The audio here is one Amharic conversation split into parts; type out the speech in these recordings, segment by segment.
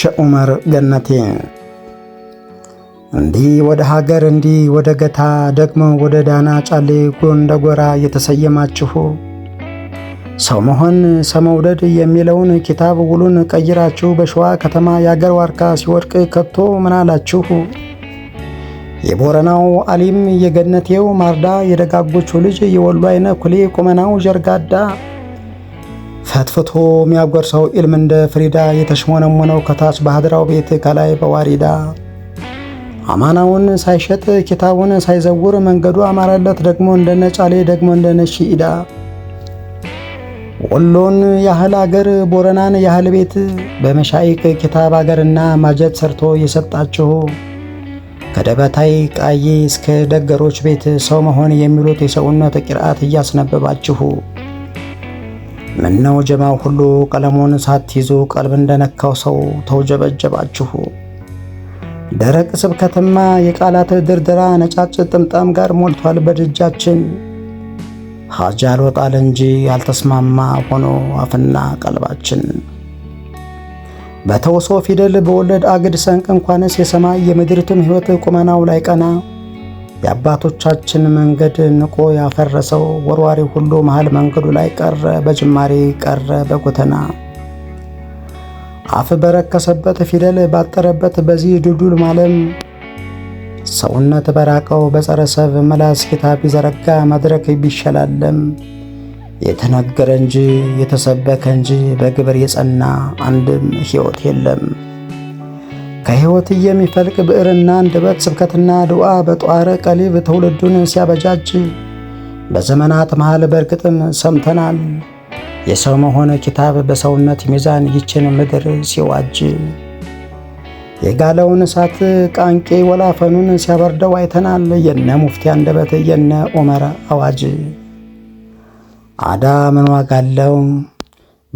ሸዑመር ገነቴ እንዲህ ወደ ሀገር እንዲህ ወደ ገታ ደግሞ ወደ ዳና ጫሌ ጎንደጎራ የተሰየማችሁ ሰው መሆን ሰው መውደድ የሚለውን ኪታብ ውሉን ቀይራችሁ በሸዋ ከተማ የአገር ዋርካ ሲወድቅ ከቶ ምን አላችሁ? የቦረናው አሊም የገነቴው ማርዳ የደጋጎቹ ልጅ የወሎ አይነ ኩሌ ቁመናው ጀርጋዳ ፈትፍቶ የሚያጎርሰው ኢልም እንደ ፍሪዳ የተሽሞነሙነው ከታች በሀድራው ቤት ከላይ በዋሪዳ አማናውን ሳይሸጥ ኪታቡን ሳይዘውር መንገዱ አማረለት ደግሞ እንደ ነጫሌ ደግሞ እንደ ነሺኢዳ ወሎን ያህል አገር ቦረናን ያህል ቤት በመሻይቅ ኪታብ አገርና ማጀት ሰርቶ የሰጣችሁ ከደበታይ ቃዬ እስከ ደገሮች ቤት ሰው መሆን የሚሉት የሰውነት ቅርአት እያስነበባችሁ ምነው ጀማው ሁሉ ቀለሙን ሳትይዙ ቀልብ እንደነካው ሰው ተውጀበጀባችሁ። ደረቅ ስብከትማ የቃላት ድርድራ ነጫጭ ጥምጣም ጋር ሞልቷል በድጃችን። ሐጅ አልወጣል እንጂ ያልተስማማ ሆኖ አፍና ቀልባችን በተውሶ ፊደል በወለድ አግድ ሰንቅ እንኳንስ የሰማይ የምድሪቱም ሕይወት ቁመናው ላይ ቀና የአባቶቻችን መንገድ ንቆ ያፈረሰው ወርዋሪ ሁሉ መሃል መንገዱ ላይ ቀረ፣ በጅማሬ ቀረ፣ በጎተና አፍ በረከሰበት ፊደል ባጠረበት በዚህ ድዱል ማለም ሰውነት በራቀው በጸረሰብ መላስ ኪታብ ቢዘረጋ መድረክ ቢሸላለም የተነገረ እንጂ የተሰበከ እንጂ በግብር የጸና አንድም ሕይወት የለም። ከሕይወት የሚፈልቅ ብዕርና አንደበት ስብከትና ድዋ በጧረ ቀሊብ ትውልዱን ሲያበጃጅ በዘመናት መሃል በእርግጥም ሰምተናል። የሰው መሆን ኪታብ በሰውነት ሚዛን ይችን ምድር ሲዋጅ የጋለውን እሳት ቃንቄ ወላፈኑን ሲያበርደው አይተናል። የነ ሙፍቲ አንደበት የነ ዑመር አዋጅ አዳ ምን ዋጋ አለው?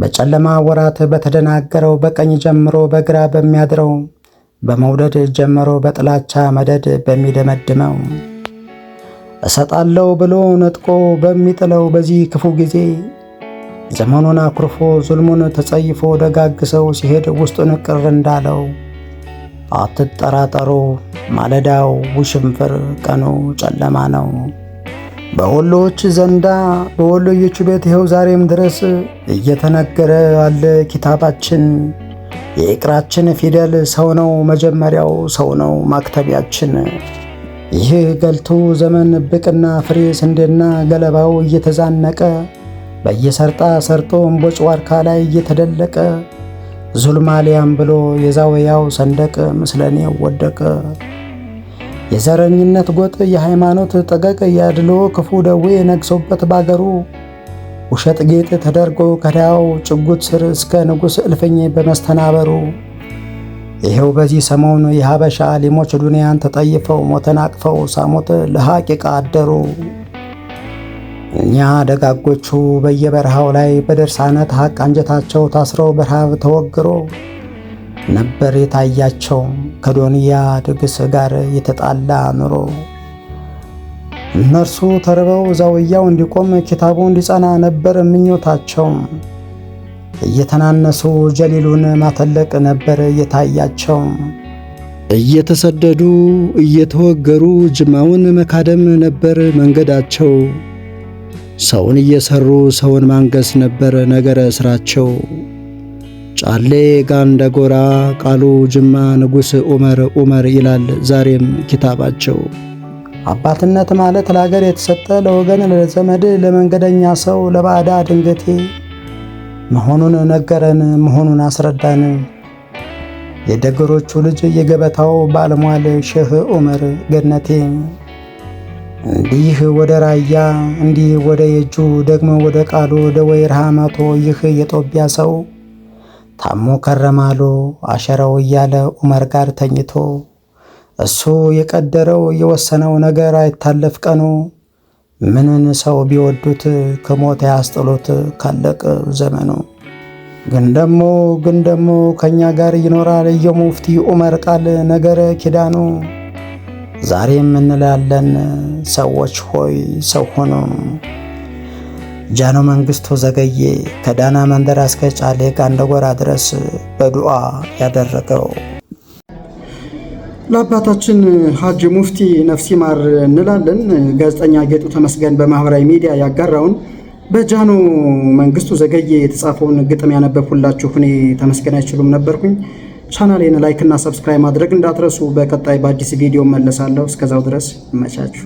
በጨለማ ወራት በተደናገረው በቀኝ ጀምሮ በግራ በሚያድረው በመውደድ ጀምሮ በጥላቻ መደድ በሚደመድመው እሰጣለሁ ብሎ ነጥቆ በሚጥለው በዚህ ክፉ ጊዜ ዘመኑን አኩርፎ ዙልሙን ተጸይፎ ደጋግሰው ሲሄድ ውስጡን ቅር እንዳለው አትጠራጠሩ፣ ማለዳው ውሽንፍር ቀኑ ጨለማ ነው። በወሎዎች ዘንዳ በወሎዮቹ ቤት ይኸው ዛሬም ድረስ እየተነገረ ያለ ኪታባችን የእቅራችን ፊደል ሰው ነው መጀመሪያው ሰው ነው ማክተሚያችን። ይህ ገልቱ ዘመን ብቅና ፍሬ ስንዴና ገለባው እየተዛነቀ በየሰርጣ ሰርጦ እምቦጭ ዋርካ ላይ እየተደለቀ ዙልማሊያም ብሎ የዛወያው ሰንደቅ ምስለኔ ወደቀ። የዘረኝነት ጎጥ የሃይማኖት ጠቀቅ ያድሎ ክፉ ደዌ ነግሶበት ባገሩ ውሸት ጌጥ ተደርጎ ከዳው ጭጉት ስር እስከ ንጉሥ እልፍኝ በመስተናበሩ ይኸው በዚህ ሰሞኑ የሀበሻ ሊሞች ዱንያን ተጠይፈው ሞተን አቅፈው ሳሞት ለሐቂቃ አደሩ። እኛ ደጋጎቹ በየበረሃው ላይ በደርሳነት ሐቅ አንጀታቸው ታስረው በረሃብ ተወግሮ ነበር የታያቸው ከዶንያ ድግስ ጋር የተጣላ ኑሮ። እነርሱ ተርበው ዛውያው እንዲቆም ኪታቡ እንዲጸና ነበር ምኞታቸው። እየተናነሱ ጀሊሉን ማተለቅ ነበር እየታያቸው። እየተሰደዱ እየተወገሩ ጅማውን መካደም ነበር መንገዳቸው። ሰውን እየሰሩ ሰውን ማንገስ ነበር ነገረ ሥራቸው። ጫሌ ጋንደ ጎራ ቃሉ ጅማ ንጉሥ ዑመር ዑመር ይላል ዛሬም ኪታባቸው። አባትነት ማለት ለሀገር የተሰጠ ለወገን፣ ለዘመድ፣ ለመንገደኛ ሰው፣ ለባዕዳ ድንገቴ መሆኑን ነገረን፣ መሆኑን አስረዳን። የደገሮቹ ልጅ የገበታው ባለሟል ሼህ ዑመር ገነቴ እንዲህ ወደ ራያ እንዲህ ወደ የጁ ደግሞ ወደ ቃሉ ወደ ወይርሃ መቶ ይህ የጦቢያ ሰው ታሞ ከረማሉ አሸረው እያለ ዑመር ጋር ተኝቶ እሱ የቀደረው የወሰነው ነገር አይታለፍ ቀኑ። ምንን ሰው ቢወዱት ከሞት ያስጥሎት ካለቀ ዘመኑ። ግን ደሞ ግን ደሞ ከእኛ ጋር ይኖራል የሙፍቲ ዑመር ቃል ነገር ኪዳኑ። ዛሬም እንላለን ሰዎች ሆይ ሰው ሆኑ። ጃኖ መንግስቱ ዘገየ ከዳና መንደር እስከ ጫሌ ቃንደጎራ ድረስ በዱዓ ያደረገው ለአባታችን ሀጅ ሙፍቲ ነፍሲ ማር እንላለን። ጋዜጠኛ ጌጡ ተመስገን በማህበራዊ ሚዲያ ያጋራውን በጃኖ መንግስቱ ዘገየ የተጻፈውን ግጥም ያነበብኩላችሁ እኔ ተመስገን አይችሉም ነበርኩኝ። ቻናሌን ላይክ እና ሰብስክራይብ ማድረግ እንዳትረሱ። በቀጣይ በአዲስ ቪዲዮ መለሳለሁ። እስከዛው ድረስ መቻችሁ።